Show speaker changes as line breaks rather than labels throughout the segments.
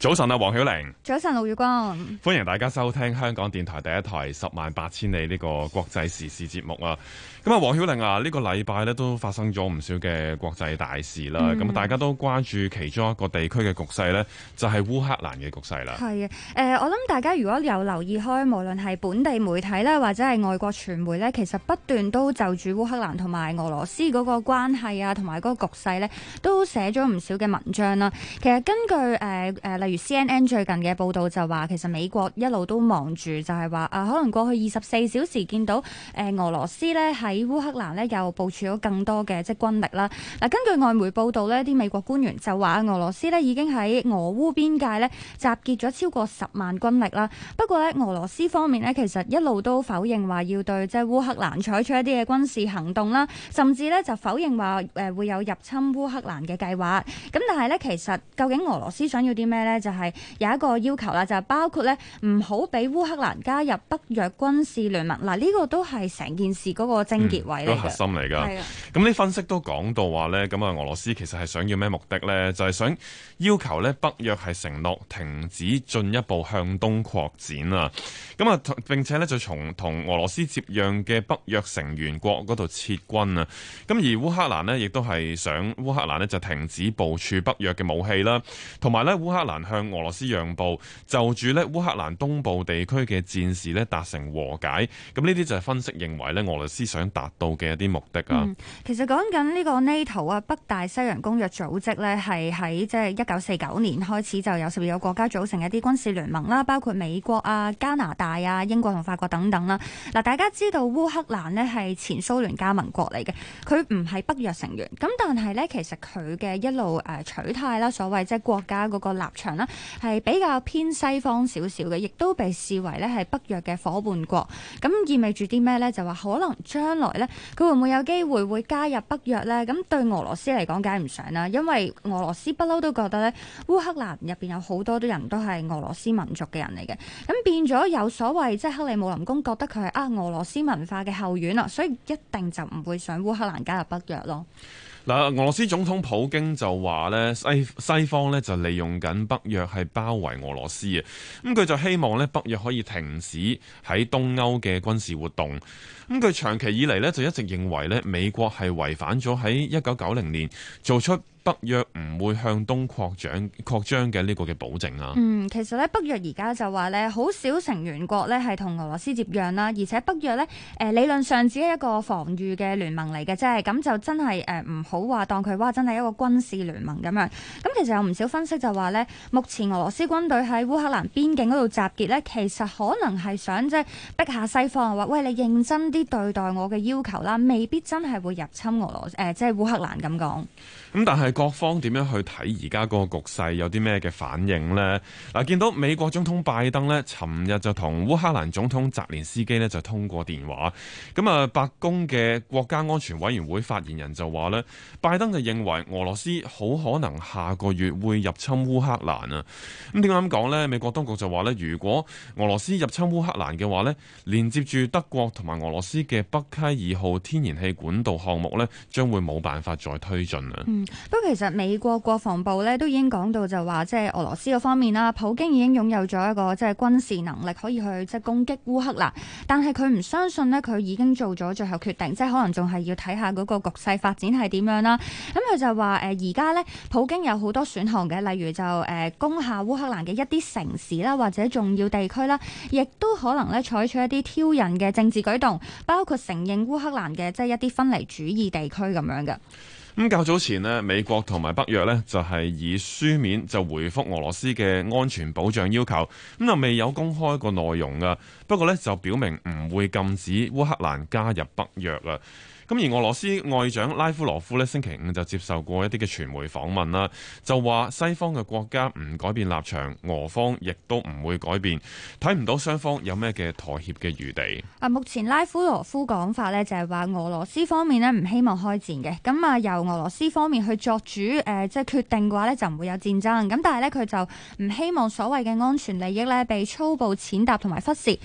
早晨啊，黃曉玲。
早晨，陸宇光。
歡迎大家收聽香港電台第一台《十萬八千里》呢個國際時事節目啊。咁啊，黃曉玲啊，呢個禮拜咧都發生咗唔少嘅國際大事啦。咁、嗯、大家都關注其中一個地區嘅局勢咧，就係、是、烏克蘭嘅局勢啦。係啊，
誒、呃，我諗大家如果有留意開，無論係本地媒體咧，或者係外國傳媒咧，其實不斷都就住烏克蘭同埋俄羅斯嗰個關係啊，同埋嗰個局勢咧，都寫咗唔少嘅文章啦。其實根據誒誒，例、呃。呃呃如 C N N 最近嘅報道就話，其實美國一路都忙住就係話啊，可能過去二十四小時見到誒、呃、俄羅斯咧喺烏克蘭咧又部署咗更多嘅即軍力啦。嗱，根據外媒報道呢，啲美國官員就話俄羅斯咧已經喺俄烏邊界咧集結咗超過十萬軍力啦。不過咧，俄羅斯方面咧其實一路都否認話要對即烏克蘭採取一啲嘅軍事行動啦，甚至咧就否認話誒會有入侵烏克蘭嘅計劃。咁但係呢，其實究竟俄羅斯想要啲咩呢？就係有一個要求啦，就係、是、包括咧唔好俾烏克蘭加入北約軍事聯盟。嗱，呢個都係成件事嗰個症結位嚟、嗯那個、核心嚟㗎。
咁啲分析都講到話咧，咁啊，俄羅斯其實係想要咩目的咧？就係、是、想要求咧北約係承諾停止進一步向東擴展啊。咁啊，並且咧就從同俄羅斯接壤嘅北約成員國嗰度撤軍啊。咁而烏克蘭呢，亦都係想烏克蘭呢，就停止部署北約嘅武器啦，同埋咧烏克蘭，向俄羅斯讓步，就住咧烏克蘭東部地區嘅戰事呢，達成和解，咁呢啲就係分析認為呢，俄羅斯想達到嘅一啲目的啊，嗯。
其實講緊呢個 NATO 啊，北大西洋公約組織呢，係喺即係一九四九年開始就有十二個國家組成一啲軍事聯盟啦，包括美國啊、加拿大啊、英國同法國等等啦。嗱，大家知道烏克蘭呢係前蘇聯加盟國嚟嘅，佢唔係北約成員，咁但係呢，其實佢嘅一路誒取態啦，所謂即係國家嗰個立場。係比較偏西方少少嘅，亦都被視為咧，係北約嘅夥伴國，咁意味住啲咩呢？就話可能將來咧，佢會唔會有機會會加入北約呢？咁對俄羅斯嚟講，梗係唔想啦，因為俄羅斯不嬲都覺得咧，烏克蘭入邊有好多啲人都係俄羅斯民族嘅人嚟嘅，咁變咗有所謂即係克里姆林宮覺得佢係啊俄羅斯文化嘅後院啦，所以一定就唔會想烏克蘭加入北約咯。
嗱，俄羅斯總統普京就話咧，西西方咧就利用緊北約係包圍俄羅斯啊，咁佢就希望咧北約可以停止喺東歐嘅軍事活動，咁佢長期以嚟咧就一直認為咧美國係違反咗喺一九九零年做出北約唔會向東擴張擴張嘅呢個嘅保證啦、啊。嗯，
其實咧北約而家就話咧，好少成員國咧係同俄羅斯接壤啦，而且北約咧誒理論上只係一個防禦嘅聯盟嚟嘅啫，咁就真係誒唔好話當佢哇真係一個軍事聯盟咁樣。咁其實有唔少分析就話咧，目前俄羅斯軍隊喺烏克蘭邊境嗰度集結咧，其實可能係想即係逼下西方話，喂，你認真啲對待我嘅要求啦，未必真係會入侵俄羅誒即係烏克蘭咁講。
咁但係。各方點樣去睇而家個局勢有啲咩嘅反應呢？嗱，見到美國總統拜登咧，尋日就同烏克蘭總統澤連斯基咧就通過電話。咁啊，白宮嘅國家安全委員會發言人就話呢，拜登就認為俄羅斯好可能下個月會入侵烏克蘭啊。咁點解咁講呢？美國當局就話呢，如果俄羅斯入侵烏克蘭嘅話呢，連接住德國同埋俄羅斯嘅北溪二號天然氣管道項目呢，將會冇辦
法再推進啊。嗯其實美國國防部咧都已經講到就話，即係俄羅斯嗰方面啦，普京已經擁有咗一個即係軍事能力，可以去即係攻擊烏克蘭，但係佢唔相信呢，佢已經做咗最後決定，即係可能仲係要睇下嗰個局勢發展係點樣啦。咁佢就話誒，而家呢，普京有好多選項嘅，例如就誒，攻下烏克蘭嘅一啲城市啦，或者重要地區啦，亦都可能咧採取一啲挑釁嘅政治舉動，包括承認烏克蘭嘅即係一啲分離主義地區咁樣嘅。
咁較早前呢，美國同埋北約呢就係以書面就回覆俄羅斯嘅安全保障要求，咁啊未有公開個內容㗎。不過呢，就表明唔會禁止烏克蘭加入北約喇。咁而俄羅斯外長拉夫羅夫呢星期五就接受過一啲嘅傳媒訪問啦，就話西方嘅國家唔改變立場，俄方亦都唔會改變，睇唔到雙方有咩嘅妥協嘅餘地。
啊，目前拉夫羅夫講法呢就係、是、話俄羅斯方面呢唔希望開戰嘅，咁啊由俄羅斯方面去作主，即、呃、係、就是、決定嘅話呢就唔會有戰爭。咁但係呢，佢就唔希望所謂嘅安全利益呢被粗暴踐踏同埋忽視。咁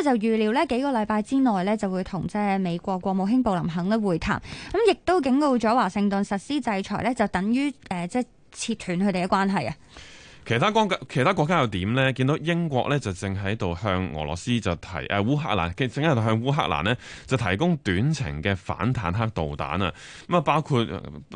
佢就預料呢幾個禮拜之內呢就會同即係美國國務卿布林肯嘅會談，咁亦都警告咗華盛頓實施制裁咧，就等於誒，即係切斷佢哋嘅關係啊！
其他國家又點呢？見到英國呢，就正喺度向俄羅斯就提誒、呃、烏克蘭，正喺度向烏克蘭呢，就提供短程嘅反坦克導彈啊！咁啊，包括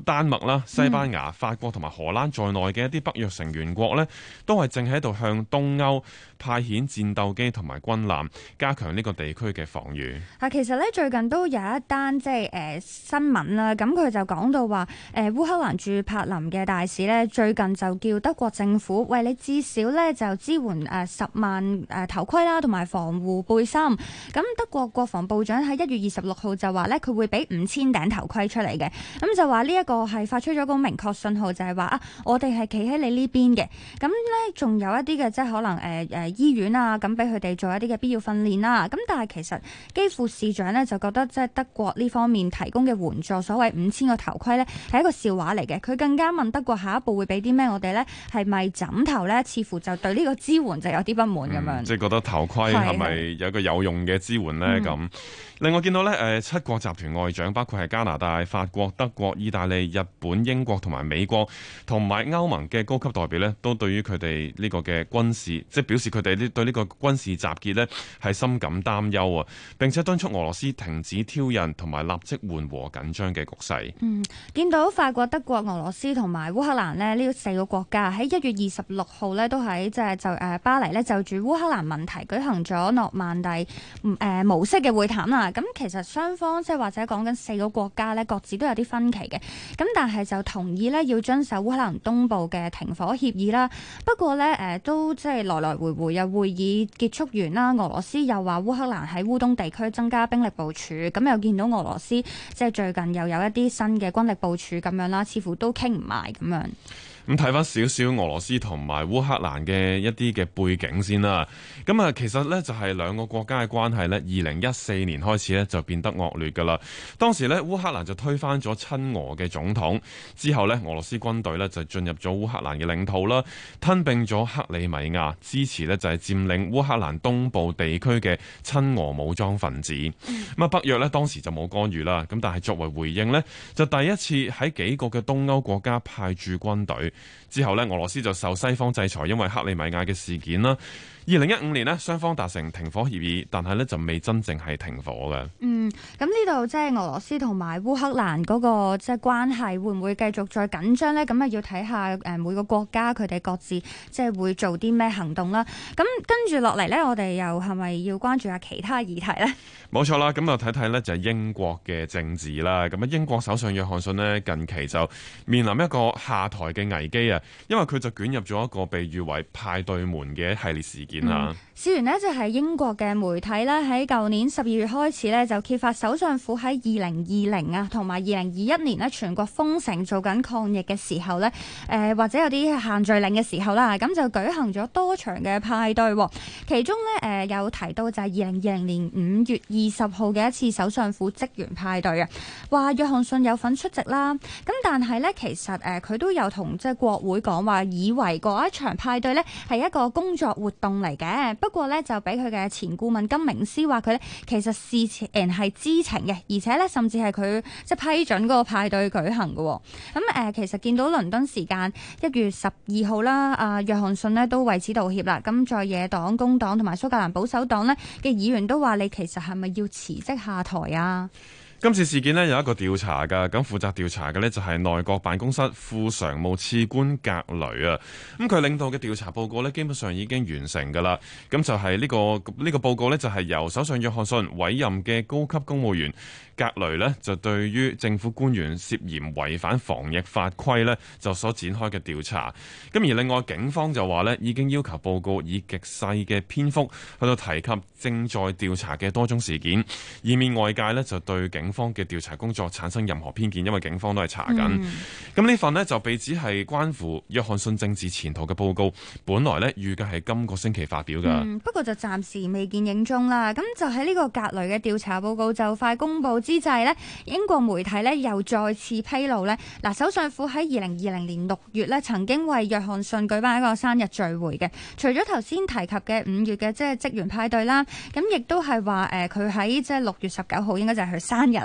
丹麥啦、西班牙、法國同埋荷蘭在內嘅一啲北約成員國呢，都係正喺度向東歐派遣戰鬥機同埋軍艦，加強呢個地區嘅防禦。
啊，其實呢，最近都有一單即係誒、呃、新聞啦，咁佢就講到話誒、呃、烏克蘭駐柏林嘅大使呢，最近就叫德國政府。喂，你至少咧就支援、呃、十萬誒、呃、頭盔啦，同埋防護背心。咁德國國防部長喺一月二十六號就話咧，佢會俾五千頂頭盔出嚟嘅。咁就話呢一個係發出咗個明確信號就，就係話啊，我哋係企喺你邊呢邊嘅。咁呢仲有一啲嘅，即可能誒誒、呃呃、醫院啊，咁俾佢哋做一啲嘅必要訓練啦、啊。咁但係其實基輔市長呢，就覺得，即係德國呢方面提供嘅援助，所謂五千個頭盔呢，係一個笑話嚟嘅。佢更加問德國下一步會俾啲咩我哋呢，係咪五頭呢，似乎就對呢個支援就有啲不滿咁樣、嗯，
即覺得頭盔係咪有個有用嘅支援呢？咁是、嗯、另外見到呢，七國集團外長包括係加拿大、法國、德國、意大利、日本、英國同埋美國，同埋歐盟嘅高級代表呢，都對於佢哋呢個嘅軍事，即表示佢哋對呢個軍事集結呢係深感擔憂啊！並且敦促俄羅斯停止挑釁同埋立即緩和緊張嘅局勢。嗯，
見到法國、德國、俄羅斯同埋烏克蘭呢，呢個四個國家喺一月二十。六號咧，都喺即係就誒巴黎咧，就住烏克蘭問題舉行咗諾曼第誒模式嘅會談啦。咁其實雙方即係或者講緊四個國家咧，各自都有啲分歧嘅。咁但係就同意咧，要遵守烏克蘭東部嘅停火協議啦。不過咧，誒都即係來來回回又會議結束完啦。俄羅斯又話烏克蘭喺烏東地區增加兵力部署。咁又見到俄羅斯即係最近又有一啲新嘅軍力部署咁樣啦，似乎都傾唔埋咁樣。
咁睇翻少少俄羅斯同埋烏克蘭嘅一啲嘅背景先啦。咁啊，其實呢就係兩個國家嘅關係呢，二零一四年開始呢，就變得惡劣噶啦。當時呢，烏克蘭就推翻咗親俄嘅總統，之後呢，俄羅斯軍隊呢就進入咗烏克蘭嘅領土啦，吞併咗克里米亞，支持呢就係佔領烏克蘭東部地區嘅親俄武裝分子。咁啊、嗯、北約呢當時就冇干預啦。咁但係作為回應呢，就第一次喺幾個嘅東歐國家派駐軍隊。之後呢，俄羅斯就受西方制裁，因為克里米亞嘅事件啦。二零一五年呢，雙方達成停火協議，但係呢就未真正係停火嘅。嗯，
咁呢度即係俄羅斯同埋烏克蘭嗰個即係關係，會唔會繼續再緊張呢？咁啊要睇下誒，每個國家佢哋各自即係會做啲咩行動啦。咁跟住落嚟呢，我哋又係咪要關注下其他議題呢？
冇錯啦，咁啊睇睇呢就係英國嘅政治啦。咁啊，英國首相約翰遜呢近期就面臨一個下台嘅危機啊，因為佢就捲入咗一個被譽為派對門嘅系列事件。
嗯，事源呢就係英國嘅媒體咧，喺舊年十二月開始呢，就揭發首相府喺二零二零啊同埋二零二一年咧全國封城做緊抗疫嘅時候呢，誒、呃、或者有啲限聚令嘅時候啦，咁就舉行咗多場嘅派對，其中呢誒、呃、有提到就係二零二零年五月二十號嘅一次首相府職員派對啊，話約翰遜有份出席啦，咁但係呢，其實誒佢都有同即係國會講話，以為嗰一場派對呢係一個工作活動嚟嘅，不過咧就俾佢嘅前顧問金明斯話佢咧，其實事前係知情嘅，而且咧甚至係佢即係批准嗰個派對舉行嘅。咁誒，其實見到倫敦時間一月十二號啦，阿約翰遜呢都為此道歉啦。咁在野黨、工黨同埋蘇格蘭保守黨呢嘅議員都話：你其實係咪要辭職下台啊？
今次事件呢，有一個調查嘅，咁負責調查嘅呢，就係內閣辦公室副常務次官格雷啊，咁佢領導嘅調查報告呢，基本上已經完成噶啦，咁就係呢個呢個報告呢，就係由首相約翰遜委任嘅高級公務員格雷呢，就對於政府官員涉嫌違反防疫法規呢，就所展開嘅調查，咁而另外警方就話呢，已經要求報告以極細嘅篇幅去到提及正在調查嘅多宗事件，以免外界呢，就對警警方嘅調查工作產生任何偏見，因為警方都係查緊。咁、嗯、呢份咧就被指係關乎約翰遜政治前途嘅報告，本來咧預計係今個星期發表㗎、嗯。
不過就暫時未見影中蹤啦。咁就喺呢個格雷嘅調查報告就快公佈之際咧，英國媒體咧又再次披露咧，嗱，首相府喺二零二零年六月咧曾經為約翰遜舉辦一個生日聚會嘅。除咗頭先提及嘅五月嘅即係職員派對啦，咁亦都係話誒佢喺即係六月十九號應該就係佢生日。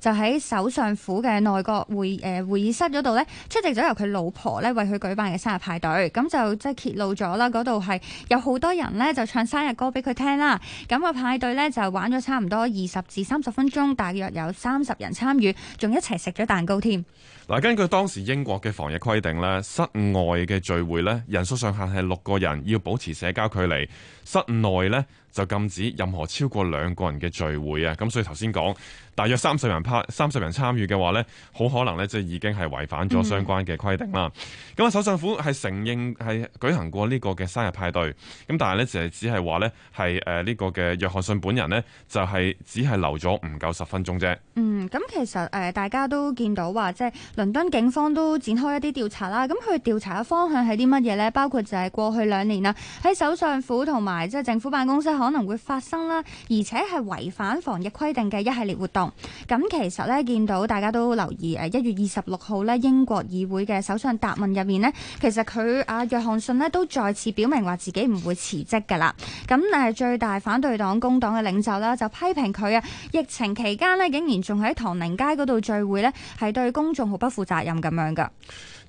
就喺首相府嘅內閣會誒會議室嗰度出席咗由佢老婆咧為佢舉辦嘅生日派對，咁就即係揭露咗啦，嗰度係有好多人呢就唱生日歌俾佢聽啦。咁個派對呢就玩咗差唔多二十至三十分鐘，大約有三十人參與，仲一齊食咗蛋糕添。
嗱，根據當時英國嘅防疫規定咧，室外嘅聚會呢，人數上限係六個人，要保持社交距離；室內呢。就禁止任何超過兩個人嘅聚會啊！咁所以頭先講大約三十人派三十人參與嘅話咧，好可能咧即係已經係違反咗相關嘅規定啦。咁啊、嗯，首相府係承認係舉行過呢個嘅生日派對，咁但係咧就係只係話咧係誒呢個嘅約翰遜本人咧就係、是、只係留咗唔夠十分鐘啫。嗯，
咁其實誒大家都見到話，即係倫敦警方都展開一啲調查啦。咁佢調查嘅方向係啲乜嘢咧？包括就係過去兩年啦，喺首相府同埋即係政府辦公室，可能會發生啦，而且係違反防疫規定嘅一系列活動。咁其實咧，見到大家都留意，誒一月二十六號咧英國議會嘅首相答問入面呢，其實佢阿約翰遜呢都再次表明話自己唔會辭職噶啦。咁誒最大反對黨工黨嘅領袖啦，就批評佢啊，疫情期間呢，竟然仲喺唐寧街嗰度聚會呢，係對公眾好不負責任咁樣噶。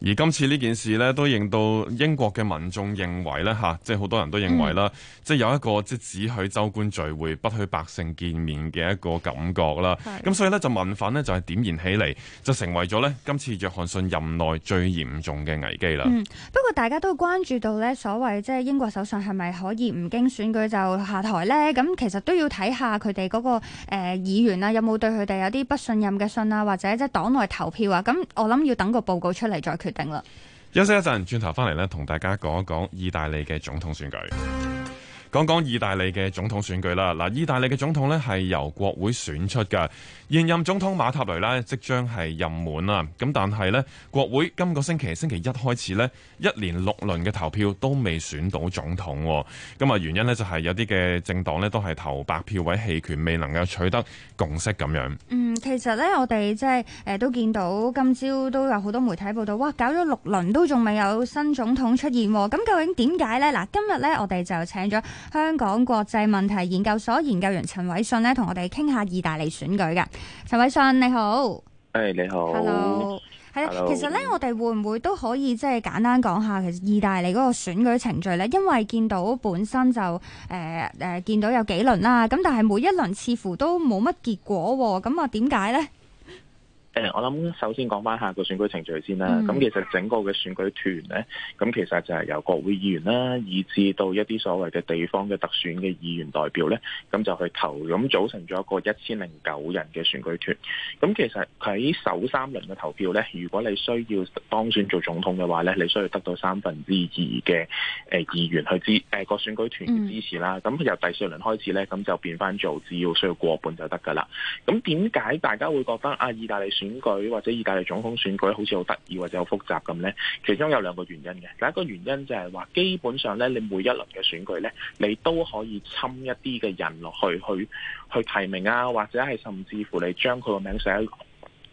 而今次呢件事呢都令到英國嘅民眾認為咧，吓、啊、即係好多人都認為啦，嗯、即係有一個即係只許州官聚會不許百姓見面嘅一個感覺啦。咁是的 所以呢就民憤呢就係點燃起嚟，就成為咗呢今次約翰遜任內最嚴重嘅危機啦、嗯。
不過大家都關注到呢所謂即係英國首相係咪可以唔經選舉就下台咧？咁其實都要睇下佢哋嗰個誒、呃、議員啊，有冇對佢哋有啲不信任嘅信啊，或者即係黨內投票啊？咁我諗要等個報告出嚟再決定。
休息一陣，轉頭翻嚟咧，同大家講一講意大利嘅總統選舉。講講意大利嘅總統選舉啦。嗱，意大利嘅總統咧係由國會選出嘅。現任總統馬塔雷呢，即將係任滿啦。咁但係呢，國會今個星期星期一開始呢，一連六輪嘅投票都未選到總統。咁啊，原因呢，就係有啲嘅政黨呢，都係投白票或棄權，未能夠取得共識咁樣。
其實咧，我哋即係誒，都見到今朝都有好多媒體報道，哇，搞咗六輪都仲未有新總統出現，哦，咁究竟點解呢？嗱，今日呢，我哋就請咗香港國際問題研究所研究員陳偉信呢，同我哋傾下意大利選舉嘅。陳偉信你好，
誒、hey, 你好，hello。係啊，Hello. 其實咧，
我哋會唔會都可以即係簡單講下其實意大利嗰個選舉程序咧？因為見到本身就誒誒、呃、見到有幾輪啦，咁但係每一輪似乎都冇乜結果喎，咁啊點解咧？
我諗首先講翻下個選舉程序先啦，啊。咁、嗯、其實整個嘅選舉團呢，咁其實就係由國會議員啦，以至到一啲所謂嘅地方嘅特選嘅議員代表呢，咁就去投，咁組成咗一個一千零九人嘅選舉團。咁其實喺首三輪嘅投票呢，如果你需要當選做總統嘅話呢，你需要得到三分之二嘅誒議員去支，誒、呃、個選舉團嘅支持啦。咁、嗯、由第四輪開始呢，咁就變翻做只要需要過半就得噶啦。咁點解大家會覺得啊，意大利選？選舉或者意大利總統選舉好似好得意或者好複雜咁咧，其中有兩個原因嘅。第一個原因就係話，基本上咧，你每一輪嘅選舉咧，你都可以侵一啲嘅人落去，去去提名啊，或者係甚至乎你將佢個名寫喺。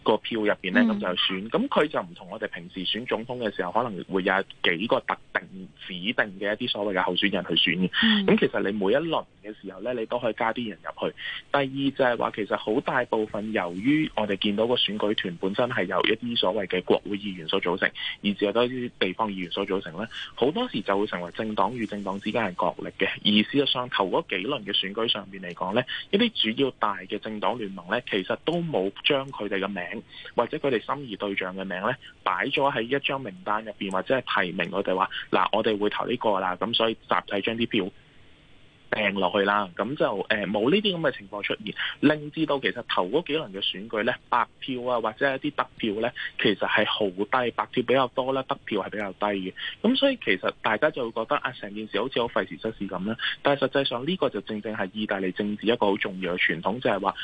個票入邊咧，咁就選。咁佢就唔同我哋平時選總統嘅時候，可能會有幾個特定指定嘅一啲所謂嘅候選人去選嘅。咁其實你每一輪嘅時候咧，你都可以加啲人入去。第二就係話，其實好大部分由於我哋見到個選舉團本身係由一啲所謂嘅國會議員所組成，而只係多一啲地方議員所組成咧，好多時就會成為政黨與政黨之間嘅角力嘅意思。事實上頭嗰幾輪嘅選舉上邊嚟講咧，一啲主要大嘅政黨聯盟咧，其實都冇將佢哋嘅名。或者佢哋心儀對象嘅名呢，擺咗喺一張名單入邊，或者係提名我哋話嗱，我哋會投呢個啦。咁所以集體將啲票掟落去啦。咁就誒，冇呢啲咁嘅情況出現，令知到其實投嗰幾輪嘅選舉呢，白票啊或者係一啲得票呢，其實係好低，白票比較多啦，得票係比較低嘅。咁所以其實大家就會覺得啊，成件事好似好費時失事咁啦。但係實際上呢個就正正係意大利政治一個好重要嘅傳統，就係話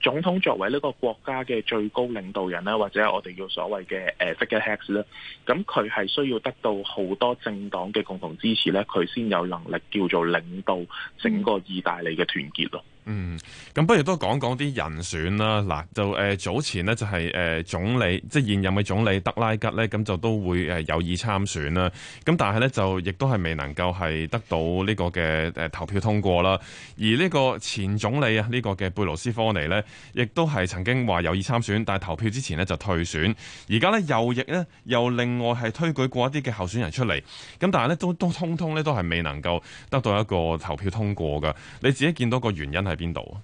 總統作為呢個國家嘅最高領導人咧，或者我哋叫所謂嘅誒 figurehead 啦，咁佢係需要得到好多政黨嘅共同支持咧，佢先有能力叫做領導整個意大利嘅團結咯。
嗯，
咁不如都講講啲人選啦。嗱，就誒早前咧就係誒總理，即係現任嘅總理德拉吉咧，咁就都會誒有意參選啦。咁但係咧就亦都係未能夠係得到呢個嘅誒投票通過啦。而呢個前總理啊，呢個嘅貝羅斯科尼咧，亦都係曾經話有意參選，但係投票之前咧就退選。而家咧右翼咧又另外係推舉過一啲嘅候選人出嚟。咁但係咧都都通通咧都係未能夠得到一個投票通過噶。你自己見到個原因係。邊度啊？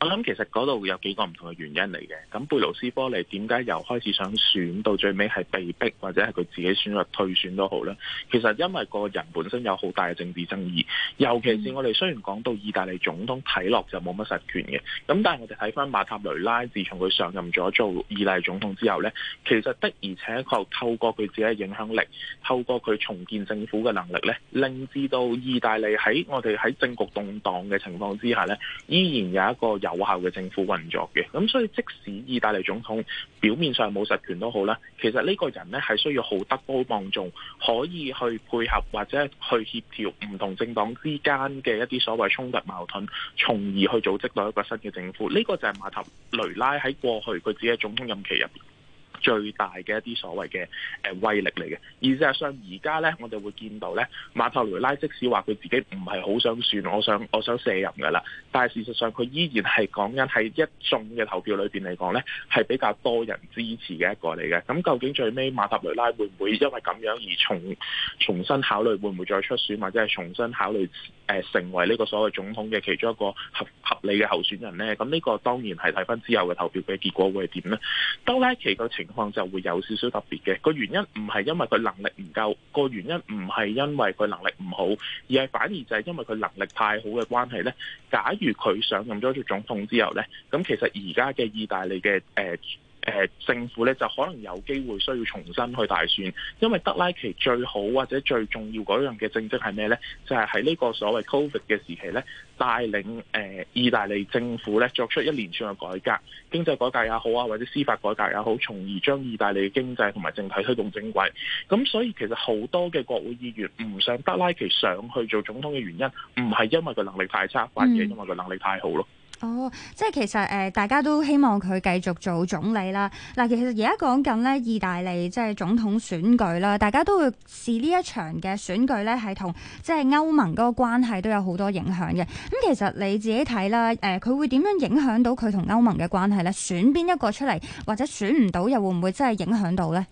我諗其實嗰度有幾個唔同嘅原因嚟嘅，咁貝盧斯科尼點解由開始想選到最尾係被逼或者係佢自己選入退選都好啦，其實因為個人本身有好大嘅政治爭議，尤其是我哋雖然講到意大利總統睇落就冇乜實權嘅，咁但係我哋睇翻馬塔雷拉自從佢上任咗做意大利總統之後呢，其實的而且確透過佢自己嘅影響力，透過佢重建政府嘅能力呢，令至到意大利喺我哋喺政局動盪嘅情況之下呢，依然有一個。有效嘅政府運作嘅，咁所以即使意大利總統表面上冇實權都好啦，其實呢個人咧係需要好德高望重，可以去配合或者去協調唔同政黨之間嘅一啲所謂衝突矛盾，從而去組織到一個新嘅政府。呢個就係馬塔雷拉喺過去佢自己總統任期入邊。最大嘅一啲所謂嘅誒威力嚟嘅，而事實上而家咧，我哋會見到咧，馬塔雷拉即使話佢自己唔係好想算，我想我想卸任噶啦，但係事實上佢依然係講緊係一眾嘅投票裏邊嚟講咧，係比較多人支持嘅一個嚟嘅。咁究竟最尾馬塔雷拉會唔會因為咁樣而重重新考慮會唔會再出選或者係重新考慮？誒成為呢個所謂總統嘅其中一個合合理嘅候選人呢。咁呢個當然係睇返之後嘅投票嘅結果會係點呢？多拉奇個情況就會有少少特別嘅，個原因唔係因為佢能力唔夠，個原因唔係因為佢能力唔好，而係反而就係因為佢能力太好嘅關係呢，假如佢上任咗做總統之後呢，咁其實而家嘅意大利嘅誒，呃政府咧就可能有機會需要重新去大選，因為德拉奇最好或者最重要嗰樣嘅政績係咩呢？就係喺呢個所謂 Covid 嘅時期呢，帶領誒意大利政府呢作出一連串嘅改革，經濟改革也好啊，或者司法改革也好，從而將意大利嘅經濟同埋政體推動正軌。咁所以其實好多嘅國會議員唔想德拉奇上去做總統嘅原因，唔係因為佢能力太差，或者是因為佢能力太好咯。嗯。
哦，即係其實誒、呃，大家都希望佢繼續做總理啦。嗱，其實而家講緊咧意大利即係總統選舉啦，大家都會視呢一場嘅選舉咧係同即係歐盟嗰個關係都有好多影響嘅。咁其實你自己睇啦，誒、呃，佢會點樣影響到佢同歐盟嘅關係咧？選邊一個出嚟，或者選唔到又會唔會真係影響到咧？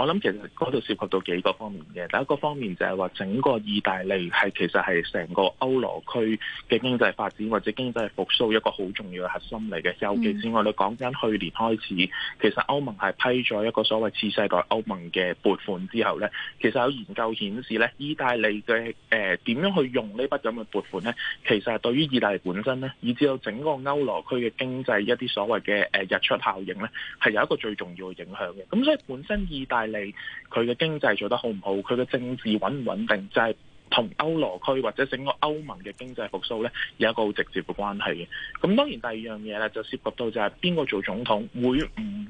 我諗其實嗰度涉及到幾個方面嘅，第一個方面就係話整個意大利係其實係成個歐羅區嘅經濟發展或者經濟復甦一個好重要嘅核心嚟嘅。尤其是我哋講緊去年開始，其實歐盟係批咗一個所謂次世代歐盟嘅撥款之後咧，其實有研究顯示咧，意大利嘅誒點樣去用呢筆咁嘅撥款咧，其實係對於意大利本身咧，以至到整個歐羅區嘅經濟一啲所謂嘅誒日出效應咧，係有一個最重要嘅影響嘅。咁所以本身意大你佢嘅經濟做得好唔好，佢嘅政治穩唔穩定，就係同歐羅區或者整個歐盟嘅經濟復甦咧，有一個好直接嘅關係嘅。咁當然第二樣嘢咧，就涉及到就係邊個做總統，會。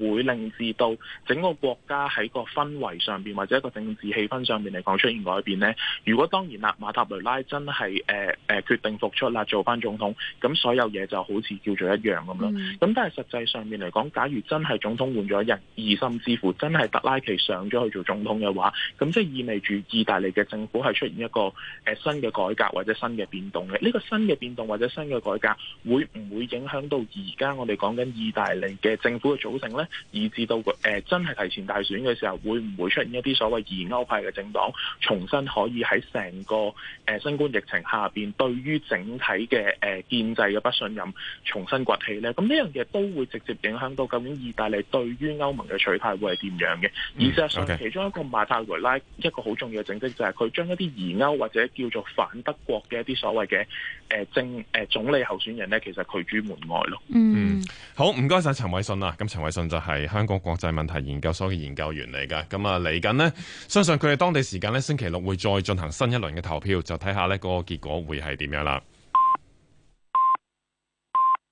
會令至到整個國家喺個氛圍上邊，或者一個政治氣氛上面嚟講出現改變呢。如果當然啦，馬塔雷拉真係誒誒決定復出啦，做翻總統，咁所有嘢就好似叫做一樣咁啦。咁、嗯、但係實際上面嚟講，假如真係總統換咗人，而甚至乎真係特拉奇上咗去做總統嘅話，咁即係意味住意大利嘅政府係出現一個誒、呃、新嘅改革或者新嘅變動嘅。呢、這個新嘅變動或者新嘅改革會唔會影響到而家我哋講緊意大利嘅政府嘅組成呢？以至到誒、呃、真係提前大選嘅時候，會唔會出現一啲所謂疑歐派嘅政黨重新可以喺成個誒、呃、新冠疫情下面對於整體嘅誒、呃、建制嘅不信任重新崛起咧？咁呢樣嘢都會直接影響到究竟意大利對於歐盟嘅取態會係點樣嘅？而事實上，其中一個馬塔雷拉一個好重要嘅政績就係佢將一啲疑歐或者叫做反德國嘅一啲所謂嘅政誒總理候選人咧，其實拒諸
門外咯。嗯，好，唔該晒，陳偉信啊，咁陳偉信就。係香港國際問題研究所嘅研究員嚟噶，咁啊嚟緊呢，相信佢哋當地時間呢星期六會再進行新一輪嘅投票，就睇下呢個結果會係點樣啦。